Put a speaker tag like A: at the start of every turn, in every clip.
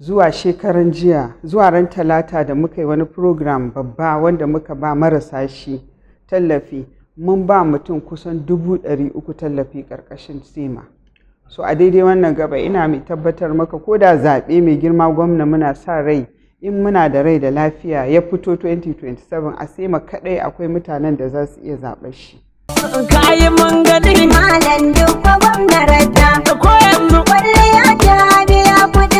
A: zuwa shekaran jiya zuwa ran talata da muka yi wani program babba wanda muka ba marasa shi tallafi mun ba mutum kusan dubu ɗari uku tallafi ƙarƙashin sema so a daidai wannan gaba ina mai tabbatar maka ko da zaɓe mai girma gwamna muna sa rai in muna da rai da lafiya ya fito 2027 a sema kaɗai akwai mutanen da za su iya zaɓar shi kayi mun gani malam duk gwamna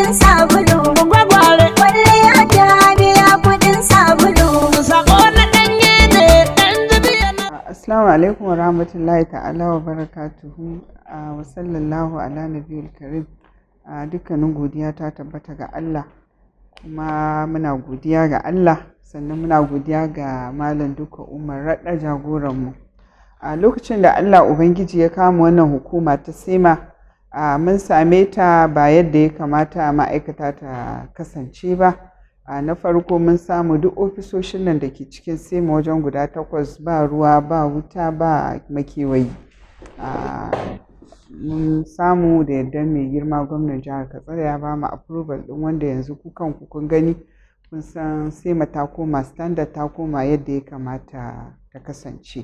A: kudin sabulu gwagware kwalliya ta biya kudin sabulu sako assalamu alaikum wa rahmatullahi ta'ala wa barakatuhu ah, wa sallallahu ala nabiyul karim ah, dukkanin godiya ta tabbata ga Allah kuma muna godiya ga Allah sannan muna godiya ga malam duka umar raɗa jagoranmu a ah, lokacin da Allah Ubangiji ya kama wannan hukuma ta sema a mun same ta ba yadda ya kamata ma'aikata ta kasance ba a na farko mun samu duk ofisoshin nan da ke cikin sema wajen guda takwas ba ruwa ba wuta ba makewayi mun samu da yadda mai girma gwamnan jihar katsina ya ba mu approval din wanda yanzu kukan kun gani kun san sema ta koma standard ta koma yadda ya kamata ta kasance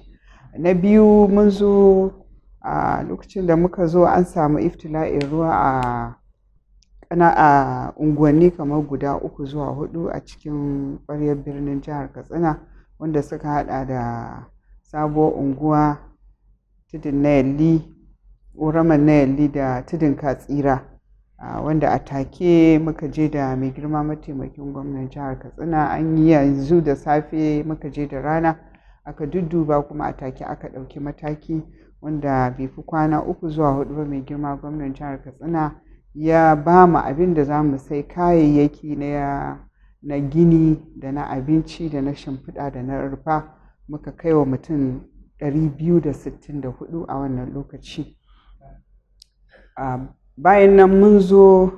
A: na biyu mun zo a lokacin da muka zo an samu iftila'in ruwa a kana a unguwanni kamar guda uku zuwa hudu a cikin ƙwaryar birnin jihar katsina wanda suka hada da sabuwar unguwa tudun na yalli ƙoramar na da tudun katsira wanda a take muka je da mai girma mataimakin gwamnan jihar katsina an yi yanzu da safe muka je da rana aka dudduba kuma a take aka ɗauki mataki wanda bai fi kwana uku zuwa hudu ba mai girma gwamnan jihar katsina ya ba mu abin da za mu sai kayayyaki na gini da na abinci da na shimfiɗa da na rufa muka kai wa mutum 264 a wannan lokaci bayan nan mun zo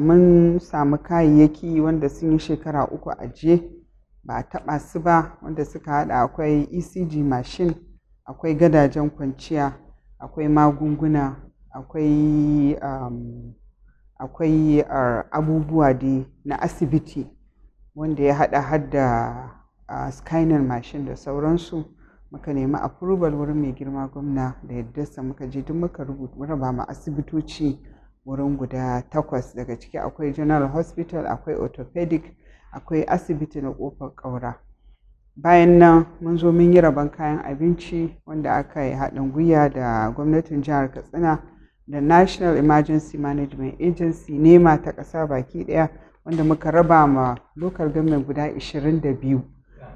A: mun samu kayayyaki wanda sun yi shekara uku a je ba a taɓa su ba wanda suka haɗa akwai ecg machine akwai gadajen kwanciya akwai magunguna akwai um, akwai uh, abubuwa dai na asibiti wanda ya hada hada a uh, scanning machine da sauransu muka nemi approval wurin mai girma gwamna da yaddarsa muka je duk muka raba ma asibitoci wurin guda takwas daga ciki akwai general hospital akwai orthopedic akwai asibiti na kofar ƙaura bayan nan mun zo mun yi rabon kayan abinci wanda aka yi haɗin gwiwa da gwamnatin jihar katsina da national emergency management agency nema ta ƙasa baki ɗaya wanda muka raba ma local government guda 22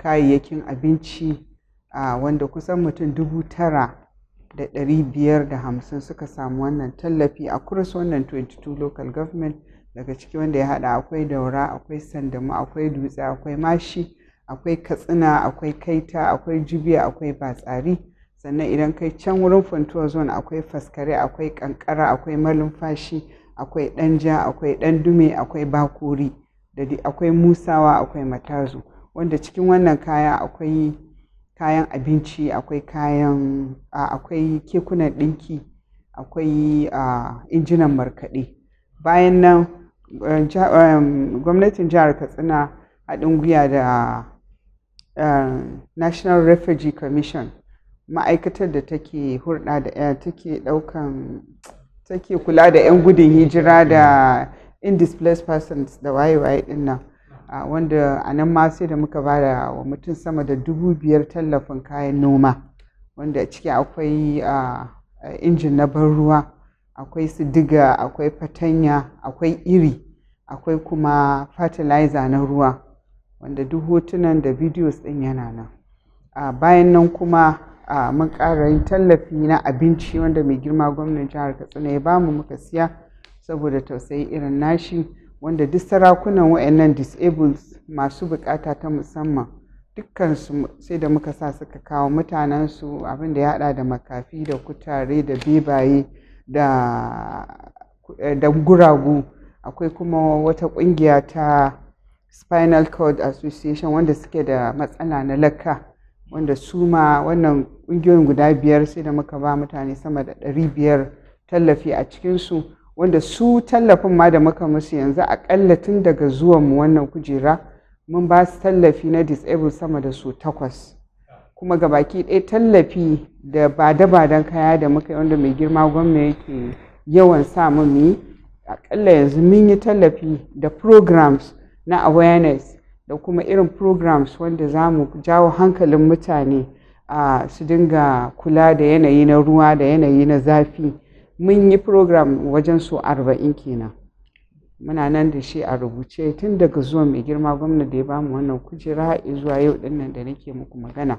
A: kayayyakin abinci a wanda kusan mutum dubu tara da ɗari biyar da hamsin suka samu wannan tallafi a kuras wannan 22 local government daga ciki wanda ya haɗa akwai daura akwai sandamu akwai dutse akwai mashi akwai katsina akwai kaita akwai jibiya akwai batsari sannan idan kai can wurin funtuwa zone akwai faskare akwai kankara akwai malumfashi akwai danja akwai dume, akwai bakuri da akwai musawa akwai matazu wanda cikin wannan kaya akwai kayan abinci akwai kayan akwai kekunan dinki, akwai injinan markaɗe bayan nan eh, eh, gwamnatin jihar katsina haɗin gwiwa da Eh, national refugee commission ma'aikatar da take hurɗa da eh, take ɗaukan take kula da 'yan gudun hijira da indisplaced persons da waye-waye ɗin nan ah, wanda a nan ma sai da muka bada wa mutum sama da dubu biyar tallafin kayan noma wanda ciki akwai ah, eh, injin na ban ruwa akwai su diga akwai fatanya akwai iri akwai kuma fertilizer na ruwa wanda duk hotunan da videos ɗin yana nan a bayan nan kuma a mun ƙara yin tallafi na abinci wanda mai girma gwamnan jihar katsina ya bamu muka siya saboda tausayi irin nashi wanda duk sarakunan wayannan disabled masu bukata ta musamman su sai da muka sa suka kawo mutanensu abin da ya hada da makafi da kutare da bebaye da eh, guragu akwai kuma wata kungiya ta spinal cord association wanda suke da matsala na lakka wanda su ma wannan ƙungiyoyin guda biyar sai da muka ba mutane sama da ɗari biyar tallafi a cikinsu wanda su tallafin ma da muka musu yanzu aƙalla tun daga zuwanmu wannan kujera mun ba su tallafi na disabled sama da su takwas kuma ga baki ɗaya tallafi da bada-badan kaya da muka yi wanda mai girma gwamna yake yawan sa mu yi aƙalla yanzu mun yi tallafi da programs na awareness da kuma irin programs wanda za mu jawo hankalin mutane a su dinga kula da yanayi na ruwa da yanayi na zafi mun yi program wajen su arba'in kenan muna nan da shi a rubuce tun daga zuwa mai girma gwamna da ya bamu wannan kujera zuwa yau dinnan da nake muku magana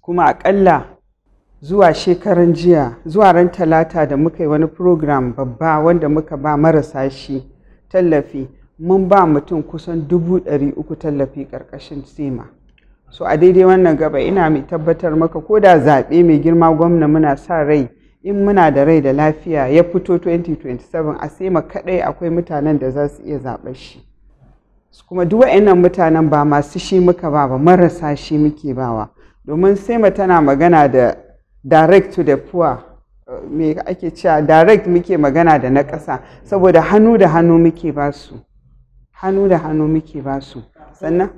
A: kuma akalla zuwa shekaran jiya zuwa ran talata da muka yi wani program babba wanda muka ba marasa shi tallafi mun ba mutum kusan dubu ɗari uku tallafi ƙarƙashin sema so a daidai wannan gaba ina mai tabbatar maka ko da zaɓe mai girma gwamna muna sa rai in muna da rai da lafiya ya fito 2027 a sema kaɗai akwai mutanen da za su iya zaɓar shi kuma duk wa'annan mutanen ba masu shi muka ba ba marasa shi muke bawa domin sema tana magana da direct to the poor eh, me ake cewa direct muke magana da na ƙasa saboda hannu da hannu muke basu. hannu da hannu muke ba su sannan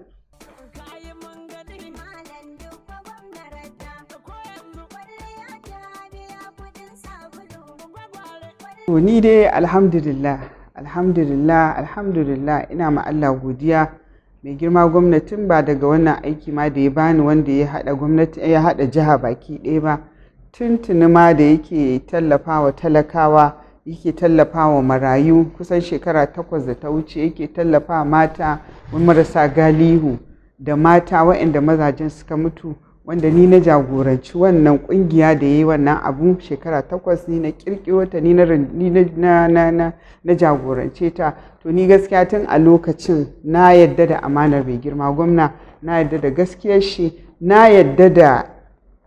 A: To ni dai alhamdulillah alhamdulillah alhamdulillah ina ma Allah godiya mai girma gwamnatin ba daga wannan aiki ma da ya bani wanda ya haɗa gwamnati ya haɗa jiha baki ɗaya ba tuntuni ma da yake tallafawa talakawa yake tallafawa marayu kusan shekara takwas da ta wuce yake tallafa mata marasa galihu da mata waɗanda mazajen suka mutu wanda ni na jagoranci wannan ƙungiya da ya yi wannan abu shekara takwas ni na kirkiro ta ni na jagorance ta to ni gaskiya tun a lokacin na yadda da amanar mai girma gwamna na yadda da gaskiyar shi na yadda da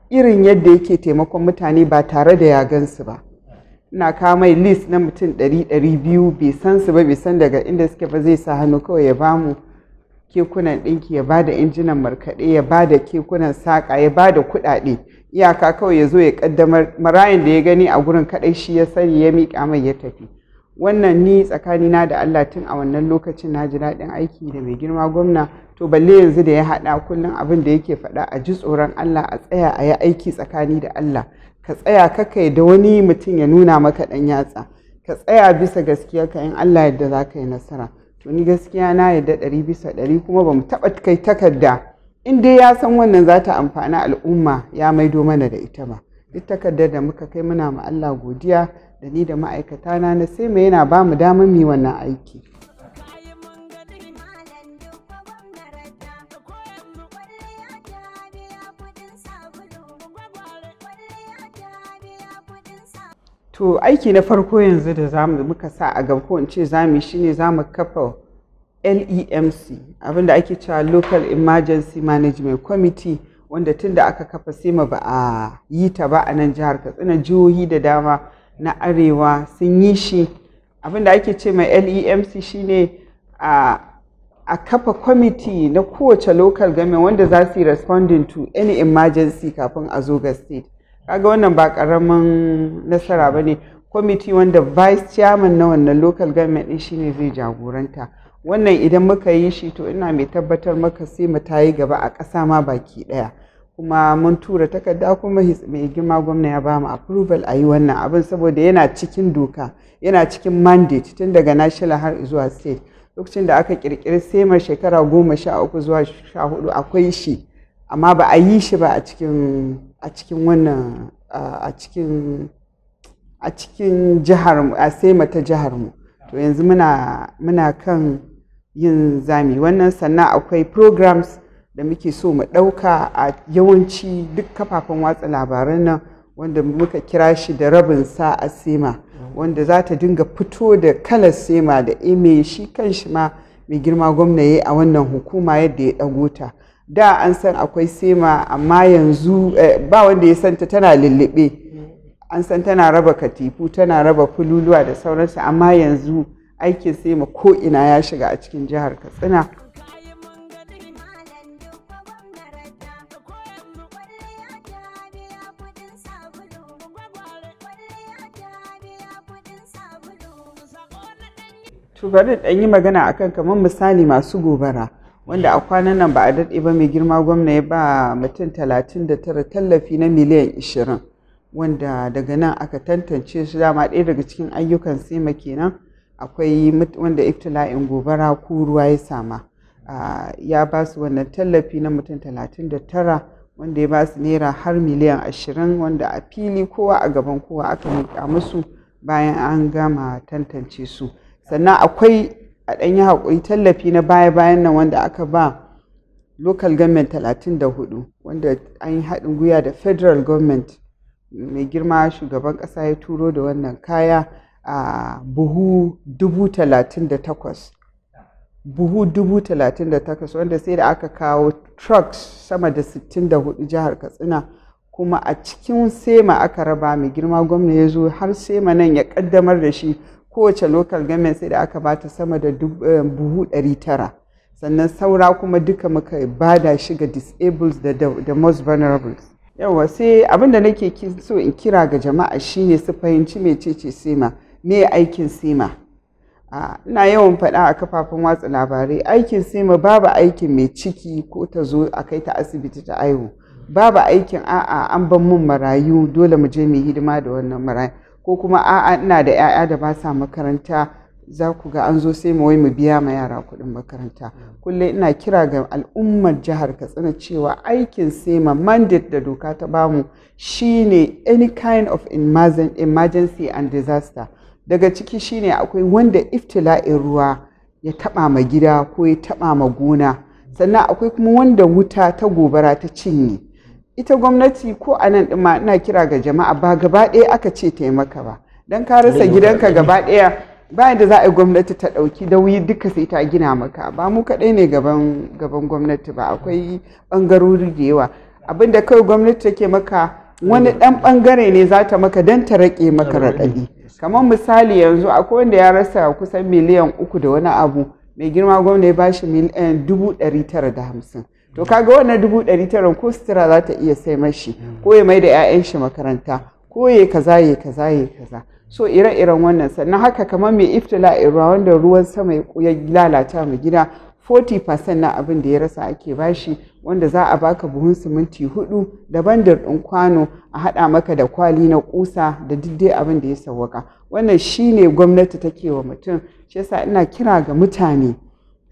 A: irin yadda yake taimakon mutane ba tare da ya gansu ba ina kawo mai list na mutum ɗari ɗari biyu bai san su ba bai san daga inda suke ba zai sa hannu kawai ya ba mu kekunan ɗinki ya ba da injinan markaɗe ya ba da kekunan saƙa ya ba da kuɗaɗe iyaka kawai ya zo ya ƙaddamar marayan da ya gani a gurin kaɗai shi ya sani ya miƙa mai ya tafi wannan ni tsakani na da Allah tun a wannan lokacin na ji daɗin aiki da mai girma gwamna to balle yanzu da ya haɗa kullum abin da yake faɗa a ji tsoron Allah a tsaya a yi aiki tsakani da Allah ka tsaya kaka da wani mutum ya nuna maka ɗan yatsa ka tsaya bisa gaskiya ka in Allah yadda za ka yi nasara to ni gaskiya na yadda ɗari bisa ɗari kuma ba mu taɓa kai takarda in dai ya san wannan za ta amfani al'umma ya maido mana da ita ba duk takardar da muka kai muna ma Allah godiya da ni da ma'aikata na sai sai yana ba mu damar mu yi wannan aiki to aiki na farko yanzu da za muka sa a gaba ko in ce za mu shine za mu kafa LEMC abinda ake cewa Local Emergency Management Committee wanda tun da aka kafa sema ba a yi ta ba a nan jihar Katsina jihohi da dama na arewa sun yi shi abinda ake ce mai LEMC shine a a kafa kwamiti na kowace local government wanda za su yi responding to any emergency kafin a zo ga state kaga wannan ba karamin nasara ba ne kwamiti wanda vice chairman na wannan local government din shine zai jagoranta wannan idan muka yi shi to ina mai tabbatar maka sai mu tayi gaba a ƙasa ma baki ɗaya kuma mun tura takarda kuma mai gima gwamna ya ba mu approval a yi wannan abin saboda yana cikin doka yana cikin mandate tun daga national har zuwa state lokacin da aka kirkiri mai shekara goma sha uku zuwa sha hudu akwai shi amma ba a yi shi ba a cikin a cikin wannan a cikin a cikin jihar mu a sai mata jihar mu to yanzu muna muna kan yin zami wannan sannan akwai programs da muke so mu ɗauka a yawanci duk kafafen watsa labaran nan wanda muka kira shi da rabin sa a sema wanda za ta dinga fito da kalar sema da eme shi kan shi ma mai girma gwamna ya a wannan hukuma yadda ya ɗago ta da an san akwai sema amma yanzu eh, ba wanda ya santa tana lullube an san tana raba katifu tana raba fululuwa da sauransu amma yanzu aikin sema ko ina ya shiga a cikin jihar katsina to bari ɗan yi magana akan kamar misali masu gobara wanda a kwanan nan ba a daɗe ba mai girma gwamna ya ba mutum 39 tallafi na miliyan 20 wanda daga nan aka tantance su dama ɗaya daga cikin ayyukan sema kenan akwai wanda iftila'in gobara ko ruwa ya sama ya ba su wannan tallafi na mutum 39 wanda ya ba su naira har miliyan 20 wanda a fili kowa a gaban kowa aka miƙa musu bayan an gama tantance su sannan akwai a ɗan yi haƙuri tallafi na baya-bayan nan wanda aka ba local government 34 wanda an yi haɗin gwiwa da federal government mai girma shugaban ƙasa ya turo da wannan kaya a buhu 38 buhu wanda sai da aka kawo trucks sama da 64 jihar katsina kuma a cikin sema aka raba mai girma gwamna ya zo har sema nan ya ƙaddamar da shi kowace local government sai da aka bata sama da eh, buhu tara, sannan saura kuma duka muka bada shi ga disabled da the most vulnerable yawa sai abin da nake so in kira ga jama'a shine su fahimci mecece sema me aikin sema ina yawan faɗa a kafafen watsa labarai aikin sema babu aikin mai ciki ko ta zo a kai ta asibiti ta aihu babu aikin a'a an ban mun marayu dole mu je mu hidima da wannan marayu ko kuma a'a ina da 'ya'ya da ba sa makaranta za ku ga an zo sai mu wai mu biya ma yara kuɗin makaranta kullum ina kira ga al'ummar jihar katsina cewa aikin sema mandate da doka ta bamu shine any kind of emergency and disaster daga ciki shine akwai wanda iftila'in ruwa ya taɓa ma gida ko ya taɓa ma gona sannan akwai kuma wanda wuta ta gobara ta cinye ita gwamnati ko a nan ɗin ina kira ga jama'a ba gaba ɗaya aka ce maka ba don ka rasa gidanka gaba ɗaya bayan da za a yi gwamnati ta ɗauki da wuyi duka sai ta gina maka ba mu kaɗai ne gaban gwamnati ba akwai ɓangarori da yawa abin da kawai gwamnati take maka wani ɗan ɓangare ne za ta maka don ta raƙe maka raɗaɗi kamar misali yanzu akwai wanda ya rasa kusan miliyan uku da wani abu mai girma gwamnati ya bashi miliyan eh, dubu ɗari tara da hamsin to kaga wannan dubu ɗari tara ko sutura za ta iya sai mashi ko ya mai da 'ya'yan shi makaranta ko ya kaza ya kaza ya kaza so ire-iren wannan sannan haka kamar mai iftila ruwa wanda ruwan sama ya lalata mu gida 40% na abin da ya rasa ake bashi wanda za a baka buhun siminti hudu da bandar ɗin kwano a haɗa maka da kwali na ƙusa da diddai abin da ya sawwaka wannan shine gwamnati take wa mutum shi yasa ina kira ga mutane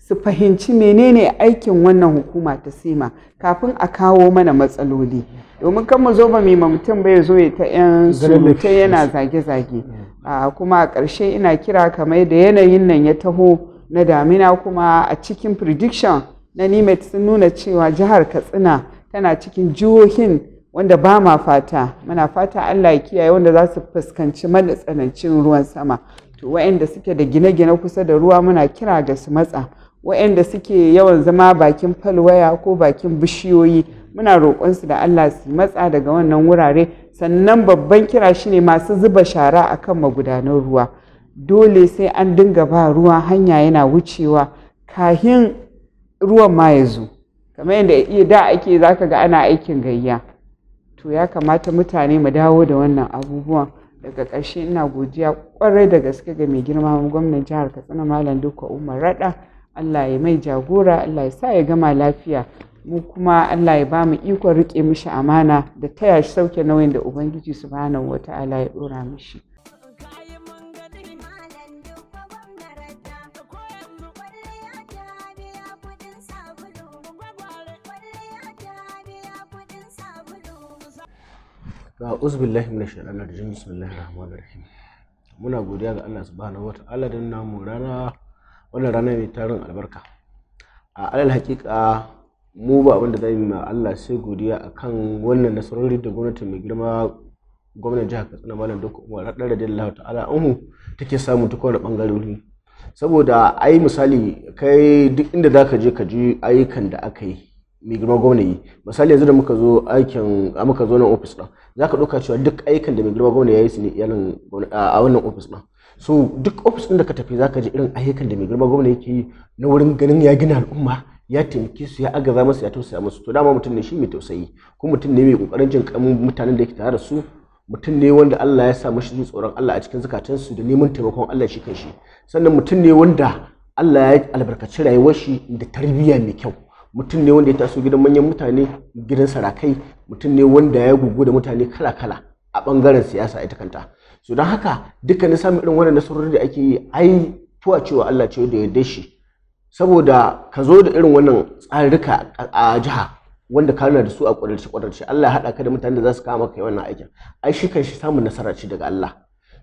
A: su fahimci menene aikin wannan hukuma ta sima kafin a kawo mana matsaloli domin kan mu zo ba mai mutum bai zo ya ta yan surutai yana zage-zage kuma a ƙarshe ina kira kamar da yanayin nan ya taho na damina kuma a cikin prediction na nimet sun nuna cewa jihar katsina tana cikin jihohin wanda ba ma fata muna fata allah ya kiyaye wanda za su fuskanci matsanancin ruwan sama to waɗanda suke da gine-gine kusa da ruwa muna kira ga su matsa waɗanda suke yawan zama bakin falwaya ko bakin bishiyoyi muna roƙonsu da Allah su matsa daga wannan wurare sannan babban kira shine masu zuba shara a kan magudanan ruwa dole sai an dinga ba ruwa hanya yana wucewa kahin ruwan ma ya zo kamar yadda iya da ake zaka ga ana aikin gayya to ya kamata mutane mu dawo da wannan abubuwan daga ƙarshe ina godiya kwarai da gaske ga mai girma gwamnan jihar katsina malam duka umar raɗa Allah ya mai jagora Allah ya sa ya gama lafiya mu kuma Allah ya ba mu ikon riƙe mishi amana da taya shi sauke nauyin da Ubangiji subhanahu wata'ala ya ɗora mishi.
B: ga uzbillahi min shaitanir rajim bismillahir rahmanir rahim. Muna godiya ga Allah subhanahu wata'ala da namu rana wannan rana mai tarin albarka a alal hakika mu ba abin da zai ma Allah sai godiya akan wannan nasarori da gwamnati mai girma gwamnatin jihar Katsina Malam Dukku Umar Radar Allah ta'ala anhu take samu ta kowane bangarori saboda ai misali kai duk inda zaka je ka ji ayyukan da aka yi mai girma gwamnati misali yanzu da muka zo aikin muka zo nan ofis din zaka ɗauka cewa duk ayyukan da mai girma gwamnati ya yi su ne a wannan ofis din so duk ofis ɗin da ka tafi za ka ji irin ayyukan da mai girma gwamna yake yi na wurin ganin ya gina al'umma ya taimake su ya agaza masu ya tausaya musu to dama mutum ne shi mai tausayi kuma mutum ne mai kokarin jin kamun mutanen da yake tare da su mutum ne wanda Allah ya sa mashi tsoron Allah a cikin su da neman taimakon Allah shi kanshi sannan mutum ne wanda Allah ya albarkaci rayuwar shi da tarbiyya mai kyau mutum ne wanda ya taso gidan manyan mutane gidan sarakai mutum ne wanda ya gugu da mutane kala-kala a bangaren siyasa ita kanta so don haka dukkanin samun irin wannan nasarori da ake yi ai tuwa cewa Allah ce da yarda shi saboda ka zo da irin wannan tsarika a jiha wanda ka da su a kwadarci kwadarci Allah ya haɗa ka da mutanen da za su kawo maka wannan aikin ai shi kan shi samun nasara ce daga Allah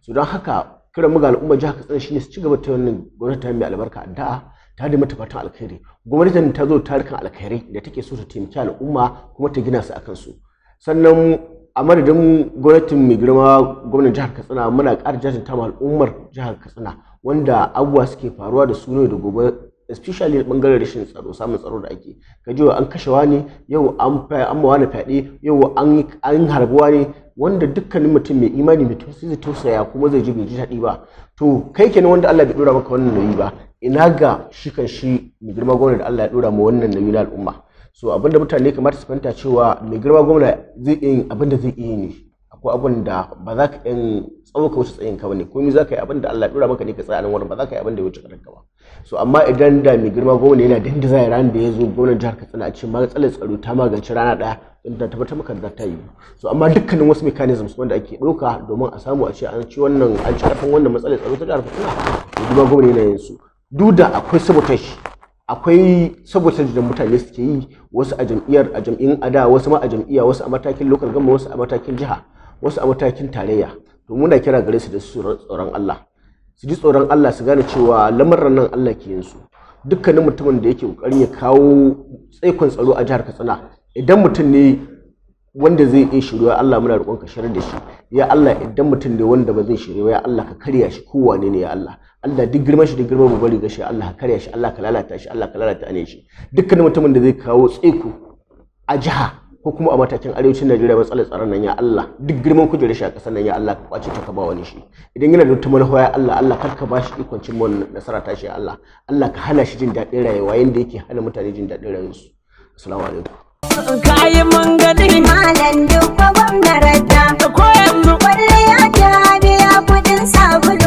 B: so don haka kiran mu ga al'umma jiha Katsina ne su ci gaba ta wannan gwamnati ta mai albarka addu'a ta da mata fatan alkhairi gwamnatin ta zo tarikan alkhairi da take so ta taimaki al'umma kuma ta gina su akan su sannan a madadin gwamnatin mai girma gwamnan jihar katsina muna ƙara jajinta ma al'ummar jihar katsina wanda abubuwa suke faruwa da su da gobe especially bangaren rashin tsaro samun tsaro da ake kaji an kashewa ne yau an an mawa na fyaɗe yau an an harbuwa ne wanda dukkanin mutum mai imani mai zai tausaya kuma zai ji bai ji daɗi ba to kai kenan wanda Allah bai dora maka wannan nauyi ba ina ga shi kan shi mai girma gwamnati da Allah ya dora ma wannan nauyi na al'umma so abinda mutane kamar su fahimta cewa mai girma gwamna zai iya abinda zai iya ne akwai abin da ba za ka yin ka wuce tsayin ka bane komai za ka yi abin da Allah dora maka ne ka tsaya nan wurin ba za ka yi abin da ya wuce karanka ba so amma idan da mai girma gwamna yana da inda zai ran da ya zo gwamnan jihar Katsina a ce matsalar tsaro ta magance rana daya in da tabbatar maka da ta yi so amma dukkanin wasu mechanisms wanda ake ɗauka domin a samu a ce an ci wannan an ci karfin wannan matsalar tsaro ta jihar Katsina mai girma gwamna yana yin su duk da akwai sabotage akwai saboda da mutane suke yi wasu a jam'iyyar a jam'in ada wasu ma a jam'iyya wasu a matakin local gama wasu a matakin jiha wasu a matakin tarayya to muna kira gare su da su tsoron Allah su ji tsoron Allah su gane cewa lamarin nan Allah ke yin su dukkanin mutumin da yake kokarin ya kawo tsaikon tsaro a jihar Katsina idan mutum ne wanda zai iya ya Allah muna roƙon ka shirar da shi ya Allah idan mutum ne wanda ba zai shiru ya Allah ka karya shi kowane ne ya Allah Allah duk girman shi duk girman bari riga shi Allah ka karya shi Allah ka lalata shi Allah ka lalata ne shi dukkanin mutumin da zai kawo tseko a jiha ko kuma a matakin arewacin Najeriya matsalar tsaron nan ya Allah duk girman kujerar shi a ƙasar nan ya Allah ka kwace ta ka ba wani shi idan yana da tumar ya Allah Allah kar ka bashi ikon cin na nasara ta shi Allah Allah ka hana shi jin daɗin rayuwa yanda yake hana mutane jin daɗin rayuwarsu assalamu alaikum
A: kayi mun gani malam duk gwamnatin da ko yanzu kwalliya ta biya kudin sabulu